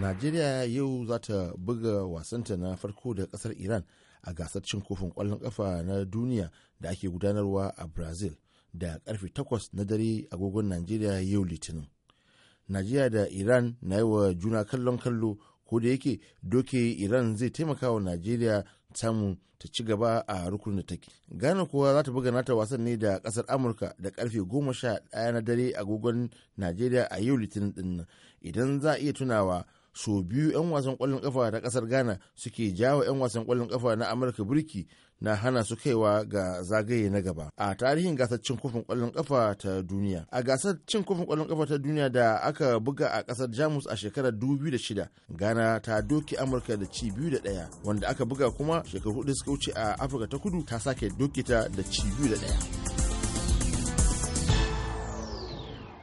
Najeriya yau za ta buga wasanta na farko da kasar Iran a gasar cin kofin kwallon kafa na duniya da ake gudanarwa a Brazil da karfe 8 na dare agogon Najeriya yau Litinin. Najeriya da Iran na yi wa juna kallon kallo ko da yake doke Iran zai taimaka wa Najeriya samu ta ci gaba a rukunin da take. Ghana kuwa za ta buga nata wasan ne da kasar Amurka da karfe 11 na dare agogon Najeriya a yau Litinin din Idan za a iya tunawa so biyu 'yan wasan kwallon kafa na kasar ghana suke jawo 'yan wasan kwallon kafa na amurka birki na hana su kaiwa ga zagaye na gaba a tarihin gasar cin kofin kwallon kafa ta duniya a gasar cin kofin kwallon kafa ta duniya da aka buga a kasar jamus a shekarar 2006 ghana ta doki amurka da ci biyu da daya wanda aka buga kuma shekaru hudu suka wuce a afirka ta kudu ta sake doke ta da ci biyu da daya